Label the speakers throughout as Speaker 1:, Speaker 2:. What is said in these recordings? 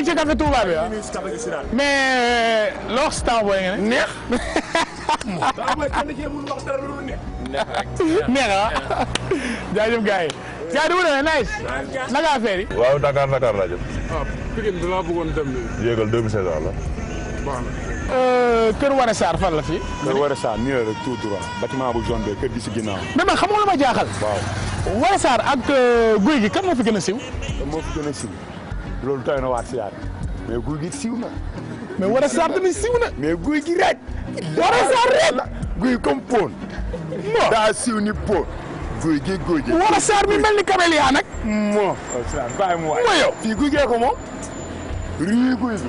Speaker 1: ci café Touba bi ah. mais euh, loo wax si temps booy nga ne neex neex rek neex ah jaajëf gars yi. nice. naka affaire waaw Dakar Dakar laa jëm. waaw ah,
Speaker 2: Pikine
Speaker 1: bi euh, Kër Wara Sarr fan la fi. Kër Wara Sarr nii la rek tout droit bâtiment bu zone bi kër gi si ginnaaw. mais man xam nga lu ma jaaxal. Wara Sarr ak euh, guy gi kan moo fi gën a siiw. a siiw loolu tooy na waat si yaat mais guy gi siiw na. mais Wara Sarr tamit siiw na. mais guy gi rek. Wara Sarr rek. guy comme poon. moo daa siiw ni po. góor gi góor gi wala saar mi mel ni kabel yaa nag. moo.
Speaker 2: bàyyi mu waay moo yow.
Speaker 1: fii guy gee ko moom.
Speaker 2: rii guy bi.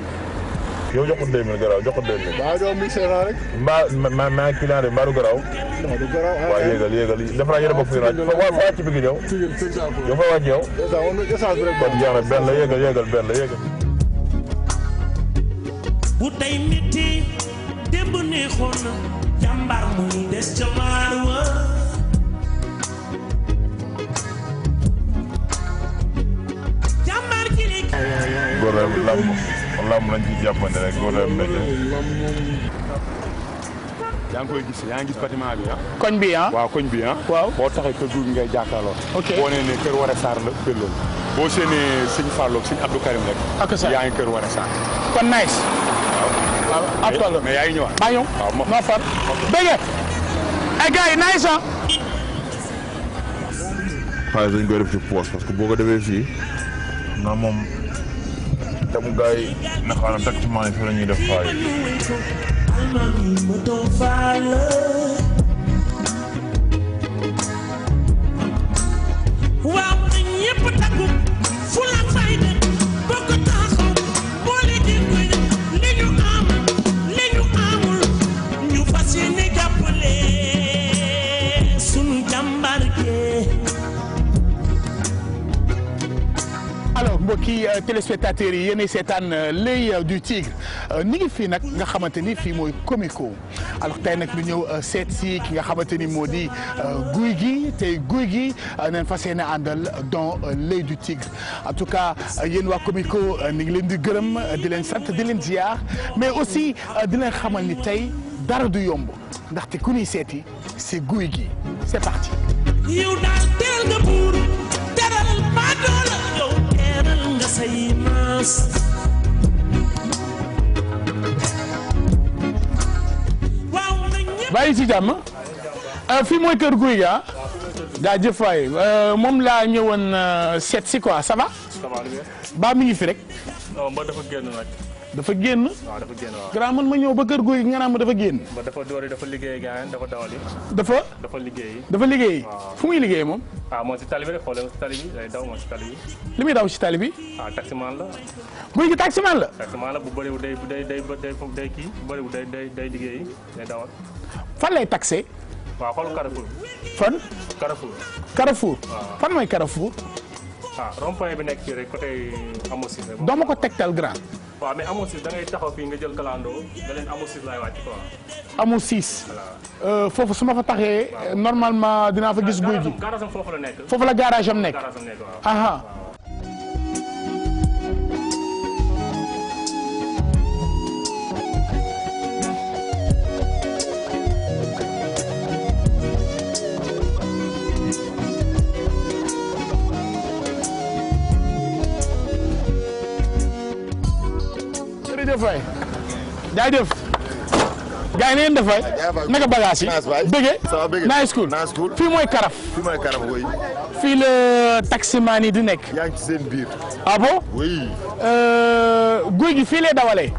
Speaker 2: yow jox ko deux mille garaaw jox ko deux mille. waaw doo mille cinq cent rek. mbaa ma ma client bi mbaa du garaaw. non du garaaw ah waaw yéegal yéegal dafa naa yéene bopp yi naan waaw waaw ci biir yow. yow fa wàcc yow. kon jeex na benn la yéegal yéegal benn la yéegal.
Speaker 1: bu tey métti démb neexoon na jàmbaar mooy. Mr. Marwa. góoram
Speaker 2: làmb làmb ci jàppante rek góoram métier.
Speaker 1: yaa ngi koy gis yaa ngi gis koñ bi ah waaw koñ bi ah. waaw boo taxee kër Diouf ngay jàkkaarloo. boo nee ne kër Wara Sarr Karim rek. ak sa yaa ngi kër Wara Sarr. kon nice. waaw ab yaa ngi ñëwaat. maa ñëw far. ok ay eh, gars yi naay sax.
Speaker 2: xaalis dañ koy def ci poos parce que boo ko defee fii na moom tam gars yi na xaaral la ñuy def xaalis.
Speaker 1: mbokki euh, téléspectateurs yi yéenay seetaan euh, l'œil euh, du tigre ñi ngi fii nag nga xamante ni fii mooy Comico alors tey nag lu ñëw seet si ki nga xamante ni moo di guy gi tey guy gi nañ fas yéene àndal dans l'œil du tigre en tout cas yéen waa Comico ni ngi leen di gërëm di leen sant di leen ziar mais aussi di leen xamal ni tey dara du yomb ndaxte ku ñuy seeti c'est guy gi c'est parti yow daal teel nga buur say maas bàyyi ci jàmm euh, fii mooy kër guy ga daa jëf waay euh, moom laa ñëwoon euh, seet si quoi fi rek non ba dafa dafa génn. waaw dafa génn waaw. grand man ma ñëw ba kër guy nga naan ma dafa génn. ba dafa doori dafa liggéey gars dafa dawali. dafa. dafa liggéey. dafa liggéey. fu muy liggéey moom. ah moom si tali bi rek xoolal si tali bi day daw moom si tali bi. li muy daw si tali bi. ah taximaan la. guy gi taximaan la. taximaan la bu bëriwul day day day day day kii bu bëriwul day day day liggéey day dawal. fan lay taxé. waaw xool Carrefour. fan. Carrefour. Carrefour. fan mooy Carrefour. ah rond-point bi nekk fii rek côté Amo Cissé. doo ma ko tegtal grand. waaw mais Amo Cissé da ngay taxaw fii nga jël kalandoo da leen Amo Cissé laay wàcc quoi. Amo Cissé. Euh, foofu su ma fa taxee. normalement dinaa fa gis. guy ji foofu la nekk. foofu la garage am nekk. garage am nekk def waay jaay def gars yi na ngeen def waay naka bagage yi bëgge naa school fii mooy karaf
Speaker 2: fii mooy karaf oui
Speaker 1: fii la taximaan yi di nekk
Speaker 2: yaa ngi ci seen biir ah bon oui
Speaker 1: euh, guy gi fii lay dawalee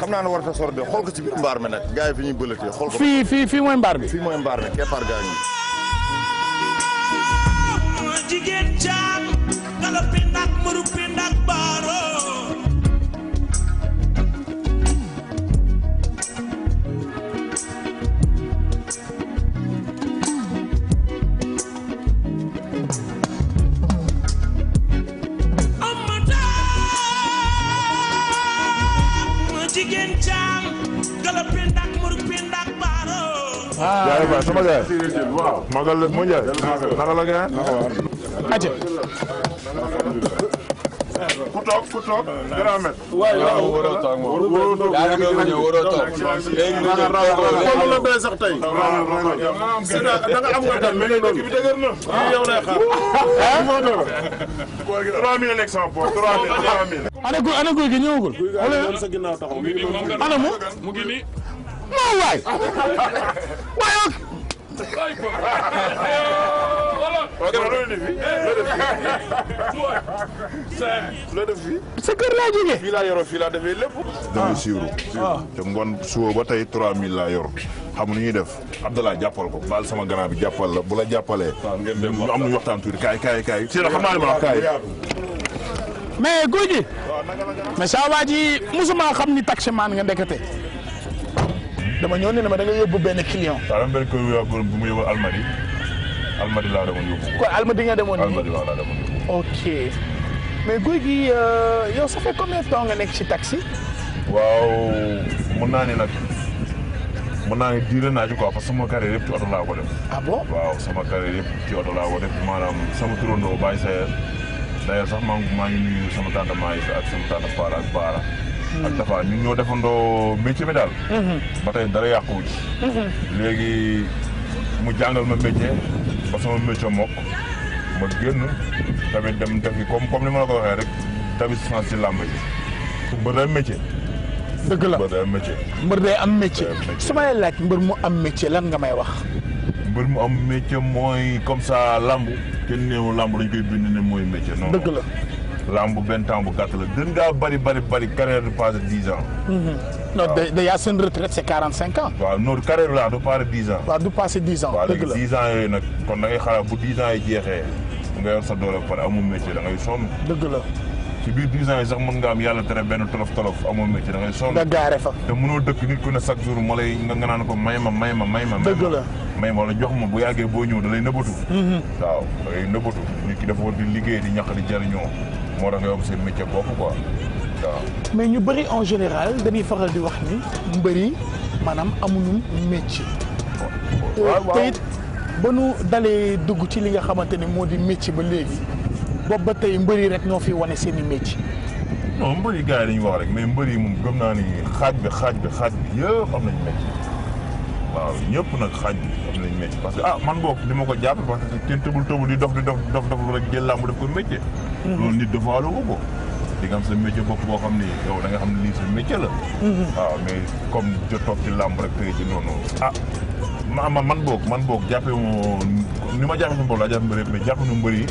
Speaker 2: xam naa ne war ta sor de xool ko ci biir mbaar mi nag gars yi fi ñuy bëlatee xool ko fii
Speaker 1: fii fii mooy mbaar bi fii mooy mbaar mi keppaar gaa ngi
Speaker 2: Ndiaye magal mu Ndiaye naka la ngeen. ati. ku toog ku toog grand maître. waaw waroo toog moom waroo toog waroo toog. léegi nag xool la doy sax tey. da nga am nga gan mais léegi bi dëgër
Speaker 1: na. waaw yow lay xaar.
Speaker 2: ah moo dëgg. 3000 nekk sama poche 3000
Speaker 1: 3000. ana guy ana guy gi ñëwagul.
Speaker 2: ana mu. mu ngi nii. waaw waay. loo laa jógee. fii laa yoroo fii laa defee lépp. damay siiwru. Ah. te ngoon suba ba tey 3000 laa yor. ñuy def Abdallah jàppal ko baal sama grand bi jàppal la bu la jàppalee. Ah, ñu am nu waxtaan tuuti kaay kaay kaay. si la xam naa ne ma kaay.
Speaker 1: mais góor gi. mais saa ni nga ndekete. dama ñëw ne ma da nga yóbbu
Speaker 2: benn client. waaw dama benn Almadi Almadi laa demoon yóbbu.
Speaker 1: kon Almadi nga demoon nii Almadi waaw ok mais guy gi euh, yow ça fait combien nga nekk ci taxi.
Speaker 2: waaw mun naa ne nag mun naa ne diire naa ci quoi parce que sama carrière yëpp ci oto laa ko def. ah bon waaw sama carrière yëpp ci oto laa ko def sama turandoo Baye Sayer sax maa ngi maa ngi sama tante Maïssa ak sama tante ak Baara. ak Tafa ñun ñoo defandoo métier bi daal. Mhm. ba tey dara yàquwu ci. Mhm. léegi mu jàngal ma métier ba sama métier mokk ma génn tamit dem defi comme comme ni ma la ko waxee rek tamit sens si làmb ji. mbër day am métier. dëgg la mbër day am mbër day am métier su may laaj mbër mu am métier lan nga may wax. mbër mu am métier mooy comme ça làmb kenn néew làmb dañ koy bind ne mooy métier. non la. raam bu benn temps bu gàtt la gën ngaa bari bari bari carrière du passé dix ans.
Speaker 1: Mhm. non de yaa seen retraite c'est quarante cinq ans. waaw non
Speaker 2: carrière la du passé dix ans.
Speaker 1: waaw du passé dix ans. dëgg la waaw ans yooyu nag
Speaker 2: kon da ngay bu dix ans yi jeexee nga yor sa doole pare amul métier da ngay dëgg la. ci biir 10 ans yi sax mën nga am yàlla tere benn tolof tolof amoo métier da ngay nga gaare fa te mënoo dëkk nit ku ne chaque jour ma lay nga naan ko may ma may ma may ma. dëgg may ma wala ma bu yàggee da mhm. da ngay nëbbatu nga yomb
Speaker 1: seen métier dalee dugg ci li nga xamante ni moo di métier ba léegi. boobu ba tey mbër yi rek ñoo fi wane seen i métier.
Speaker 2: non mbër yi gars yi dañuy wax rek mais mbër yi moom gëm naa ni xaaj bi xaaj bi xaaj bi yëpp am nañu métier waaw ñëpp nag xaaj bi am nañu métier parce que ah man boog li ma ko jàpp parce que kenn tëbul tëbul di dof di dof dof dof rek jël làmb def ko métier. Mhm. loolu nit dafa wàllu ko ko. di nga am sa métier bopp boo xam ni yow da nga xam ne lii sa métier la. Mhm. waaw mais comme jot toog ci làmb rek tey ji noonu ah. ma man boog man boog jàppee ni ma jàppee suñu bopp laa jàpp mbëri mais jàpp nu mbëri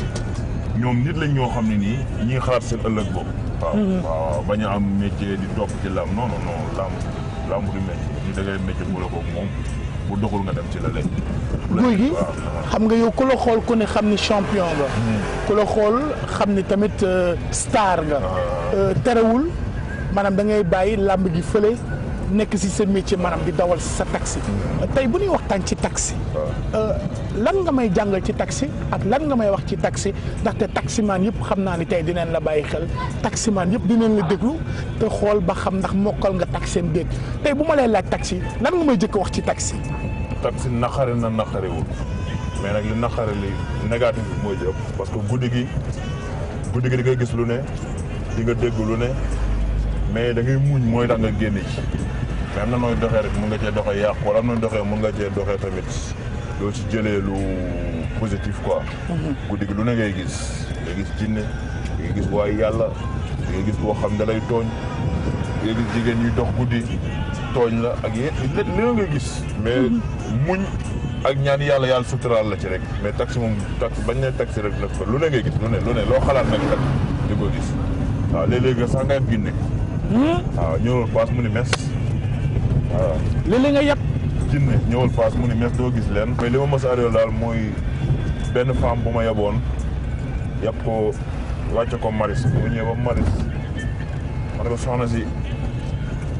Speaker 2: ñoom nit lañ ñoo xam ne nii ñuy xalaat seen ëllëg boobu. waaw mm-hmm. waaw bañ a am métier di topp ci lam non non non du métier ñu dangay métier bu la ko moom bu doxul nga dem ci la léegi.
Speaker 1: guy gi xam nga yow ku la xool ku ne xam ne champion nga. Mm. ku la xool xam ne tamit euh, star nga. Ah. Euh, terewul maanaam dangay bàyyi làmb gi fële. nekk si sa ci maanaam di dawal si sa taxi tey bu ñuy waxtaan ci taksi euh, lan nga may jàng ci taxi ak lan nga may wax ci taxi ndaxte taximaan yëpp xam naa ni tey dinañ la bàyyi xel taximaan yëpp dinañ la déglu te xool ba xam ndax mokkal nga taxi am dégg tey bu ma lay laaj taxi lan nga may jëkk wax ci taxi
Speaker 2: taxi naxare na naxarewul mais nag li naxare li négatif bi mooy jëpp parce que guddi gi guddi gis lu ne di nga dégg lu ne mais da ngay muñ mooy tax nga génn ci mais am na nooy doxee rek mun nga cee doxee yàqu wala am na doxee mun nga cee doxee tamit loo ci jëlee lu positif quoi. Mhm. guddi gi lu ne ngay gis nga gis jinne nga gis gis boo xam da lay tooñ jigéen ñuy dox guddi tooñ la ak yéen nga gis. mais mhm. muñ ak ñaan yàlla yàlla suturaal la ci rek mais taxi moom taxi bañ ne taxi rek nag lu ne ngay gis lu ne loo xalaat nag kat di ko gis waaw léeg-léeg sax nga ginne
Speaker 1: waaw
Speaker 2: ñëwal paas mu ni mes waaw li li nga yëpp jinne ñëwal paas mu ni mes doo gis leen mais li ma mos a daal mooy benn femme bu ma yeboon yàpp ko wàcce ko maris bu ma ñëwee ba maris ma soxna si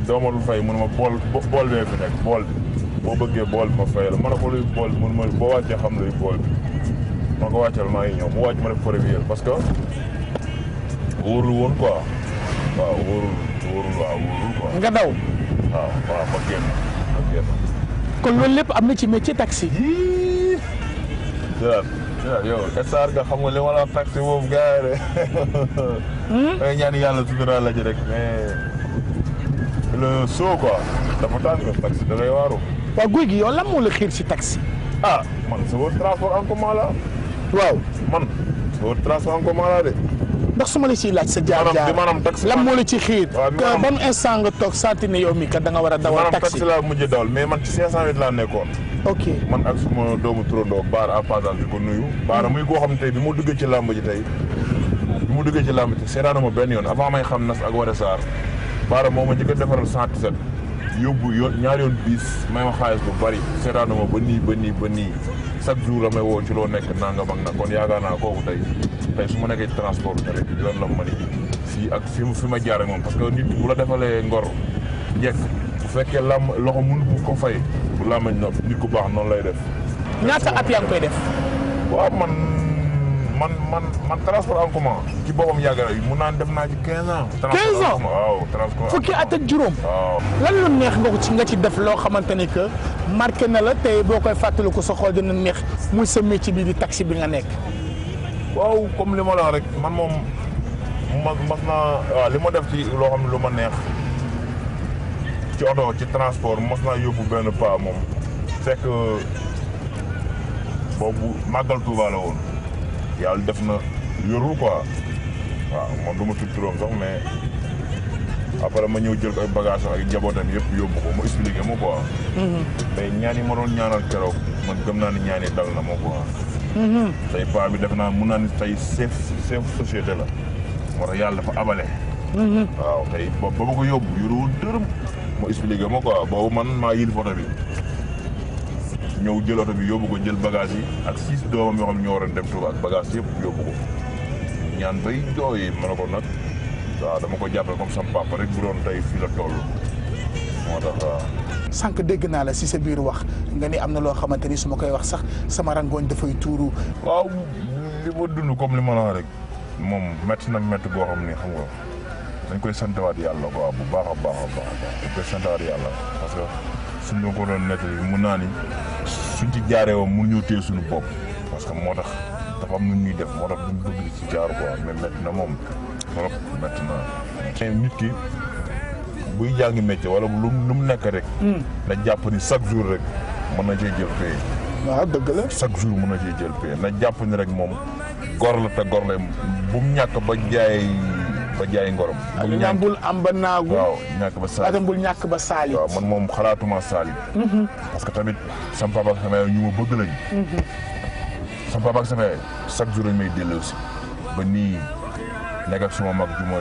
Speaker 2: doomal lu fay mënuma bool bool bee fi nekk bool bi boo bëggee bool bi ma fay la ma ne ko luy bool bi mënuma boo wàccee xam luy bool bi ma ko wàccal maa ngi ñëw mu wàcc ma def prévision parce que wóorul woon quoi waaw wóorul wóorul waaw wóorul quoi. nga daw. waaw waaw ma génn ma génn.
Speaker 1: kon loolu lépp am na ci métier taxi. yii.
Speaker 2: yow Saar nga xam nga li ma la taxi moom de. Hmm? da ñaan yàlla suturaal la rek mais. le soo quoi dafa tàng taxi da lay waaru. guy gi yow
Speaker 1: lan moo la xiir si taxi. ah man sa transport en la. waaw man sa transport en la de. ndax su ma la ciy laaj sa jaar jaar lan moo la ci xiir ban instant nga toog santi ne kat da war a dawal taxi laa
Speaker 2: mujj dawal mais man ci 508 laa nekkoon ok man ak suma doomu turandoo baar à passage bi ko nuyu baara muy koo xam tey bi mu duggee ci làmb ji tey bi mu duggee ci làmb ji benn yoon avant may xam nas ak war a saar baara moo ma njëkk a defaral 117 yóbbu yoon ñaari yoon bis may ma xaalis bu bari seetaanu ma ba nii ba nii ba nii chaque jour la may woo ci loo nekk nangam ak nag kon yaakaar naa kooku tey tey su ma nekkee transport bi tamit yoon la ma ni fii ak fi fi ma jaar ak moom parce que nit bu la defalee ngor njëkk bu fekkee làmm loxo mënu bu ko fay bu làmmañ nopp nit ku baax noonu lay def. ñaata at yaa ngi koy def. waaw man. man man man transport en commun ci boppam yàgg na mun naa def naa ci 15 ans. 15 ans waaw
Speaker 1: transport fukki at ak juróom. waaw lan lu neex nga ko ci nga ci def loo xamante ni que marqué na la tey boo koy fàttaliku sa xol dina neex muy sa métier bi di taxi bi nga nekk.
Speaker 2: waaw comme li ma la rek man moom ma mas naa waaw li ma def ci loo xam ne lu ma neex ci oto ci transport mas naa yóbbu benn paa moom fekk boobu màggal Tuuba woon. yàlla def na yorul quoi waaw man du ma tudd turam sax mais après ma ñëw jël ko ay bagage jabootam yëpp yóbbu ko mu expliqué ma quoi. Mhm. mais ñaan ma doon ñaanal keroog man gëm naa ne ñaan yi dal na ma quoi. Mhm. tey paa bi def naa mun naa ne tey chef la moo tax yàlla dafa abale. Mhm. waaw tey ba ba ma ko yóbbu yoruwul dërëm mu expliqué ma quoi boobu man maa yil photo bi. ñëw jël oto bi yóbbu ko jël bagage yi ak six doomam yoo ñoo waroon dem Touba ak bagage yëpp yóbbu ko ñaan bay jooy ma ne ko nag waaw dama ko jàppee comme sama papa rek bu doon fii la toll moo tax waaw.
Speaker 1: sànq dégg naa la si sa biir wax nga ni am na loo xamante ni su ma koy wax sax sama rangooñ dafay tuuru. waaw li ma dund
Speaker 2: comme li ma la wax rek moom métti na métti boo xam ne xam nga dañ koy santawaat yàlla quoi bu baax a baax a baax dañ koy santawaat yàlla parce que. suñ ma ko doon nettali mun naa ni suñ ci jaaree woon mun ñoo téye suñu bopp parce que moo tax dafa am nu ñuy def moo tax duñ bëgg ci jaar quoi mais na moom trop métti na nit ki buy jàngi métier wala lu lu mu nekk hmm. na jàpp ni chaque jour rek mën na cee jël paye dëgg la jour mën na cee jël paye na jàpp ni rek moom gor la te bu mu ñàkk ba jaay ba jaay ngorom. ak li naan bul am ba naagu. waaw ñàkk ba saali bul ñàkk ba saali. waaw xalaatuma saali. Mm-hmm. parce que tamit sama papa ak sama yaay ñu ma bëgg lañu. Mm-hmm. sama papa ak sama yaay chaque may delloo ba nii nekk ak suma mag ju ma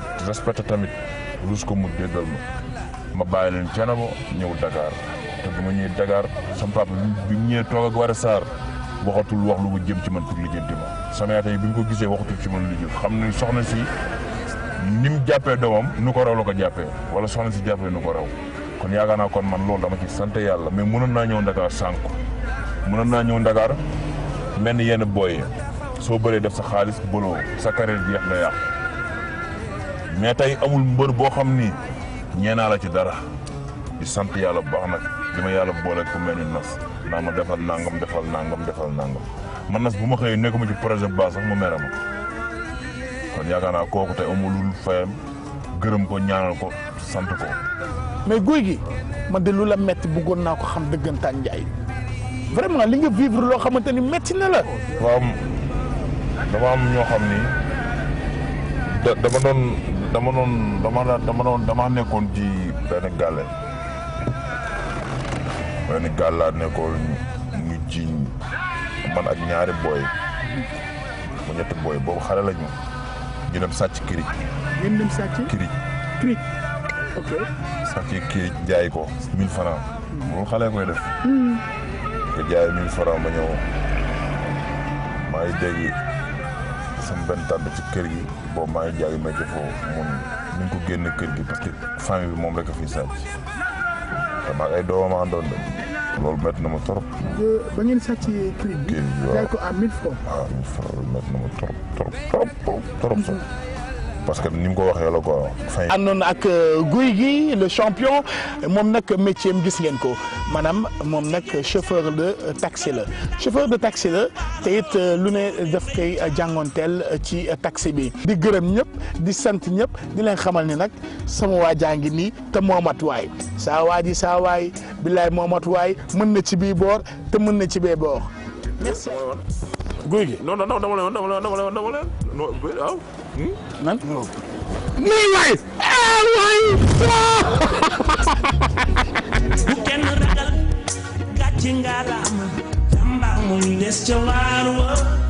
Speaker 2: tamit rus ko mu déggal ma ma bàyyi leen Thiénaba ñëw Dakar te bu ma ñëwee Dakar sama papa bi mu ñëwee toog ak war a saar waxatul wax lu ko jëm ci man pour lijjanti ma sama yaay tamit bi ko gisee waxatul ci man lu jëm xam ne soxna si. ni mu jàppee doomam nu ko raw la ko jàppee wala soxna si jàppee nu ko raw kon yaakaar naa kon man loolu dama ci sant yàlla mais mënoon naa ñëw Ndakaar sànq mënoon naa ñëw dagaar mel ni yenn booy soo bëree def sa xaalis boloo sa carrière bi yàq nga yàq mais tey amul mbër boo xam ni naa la ci dara di sant yàlla bu baax nag li ma yàlla boole ku mel ni nas naa ma defal nangam defal nangam defal nangam man nas bu ma xëyee nekkuma ci projet bu baax sax mu mere ma kon yaakaar naa kooku tey amulul fayam gërëm ko ñaanal ko sant ko.
Speaker 1: mais guy gi man de lu la metti buggoon naa ko xam dëggantaan Ndiaye vraiment li nga vivre loo xamante ni metti na la.
Speaker 2: dafa am am ñoo xam ni da dama doon dama doon dama dama doon dama nekkoon ci benn gàlle. benn gàll nekkoon ñu jiñ man ak ñaari booy mu ñetti booy boobu xale lañu ñu dem sàcc kirij.
Speaker 1: ngeen dem kirij kirij. ok
Speaker 2: kirij jaay ko 1000 francs. Hmm. moom xale koy def. Hmm. nga jaay 1000 francs ma ñëw maa ngi dégg sama benn tànt ci kër gi boobu maa ngi jaay métier foofu moom ñu ngi ko génne kër gi parce que famille bi moom rek fi sàcc. maa ngi ay doomam àndoon de. loolu métti na ma trop.
Speaker 1: Euh, ba ngeen sàcc prix bi. jaay ko à 1000 francs.
Speaker 2: waaw ah, 1000 francs loolu métti na ma trop trop trop trop. Mm-hmm. parce que ni mu ko waxee la ko fay. àndoon ak
Speaker 1: euh, guy gi le champion moom nag métier am gis ngeen ko maanaam moom nag chauffeur de euh, taxi la chauffeur de taxi la te it euh, lu ne def koy jàngoonteel ci taxi bi. di gërëm ñëpp di sant ñëpp di leen xamal ni nag sama waa jaa ngi nii te moomat waay saa waa ji saa waay billaay moomat waay mën na ci bii boor te mën na ci bee boor. guy gi non non dama la waaw. nan muy waay ah waay
Speaker 2: bu kenn ragal gàcce nga la am jàmbaar muy des ca waar wa